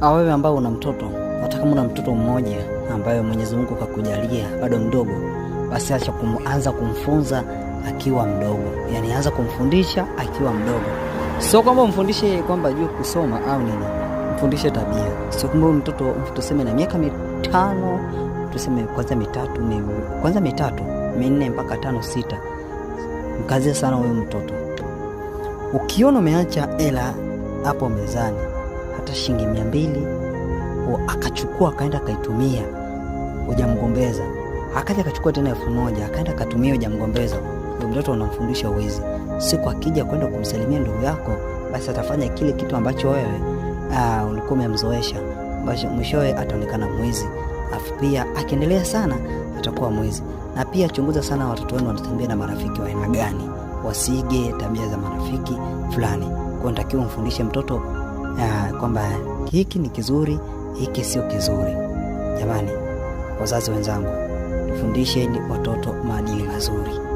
au wewe ambao una mtoto, hata kama una mtoto mmoja ambaye Mwenyezi Mungu kakujalia bado mdogo, basi acha kuanza kumfunza akiwa mdogo, yani anza kumfundisha akiwa mdogo, sio kwamba umfundishe kwamba juu kusoma au nini, mfundishe tabia, sio kwamba mtoto tuseme na miaka mitano, tuseme kwanza mitatu, kwanza mitatu minne mpaka tano sita, mkazie sana huyo mtoto. Ukiona umeacha hela hapo mezani akapata shilingi mia mbili akachukua akaenda akaitumia hujamgombeza, akaja akachukua tena elfu moja akaenda akatumia hujamgombeza. Ndio mtoto unamfundisha uwezi. Siku akija kwenda kumsalimia ndugu yako, basi atafanya kile kitu ambacho wewe ah, ulikuwa umemzoesha, ambacho mwishowe ataonekana mwizi, afu pia akiendelea sana atakuwa mwizi. Na pia chunguza sana watoto wenu wanatembea na marafiki wa aina gani, wasige tabia za marafiki fulani. Kwa natakiwa umfundishe mtoto kwamba hiki ni kizuri, hiki sio kizuri. Jamani, wazazi wenzangu, tufundisheni watoto maadili mazuri.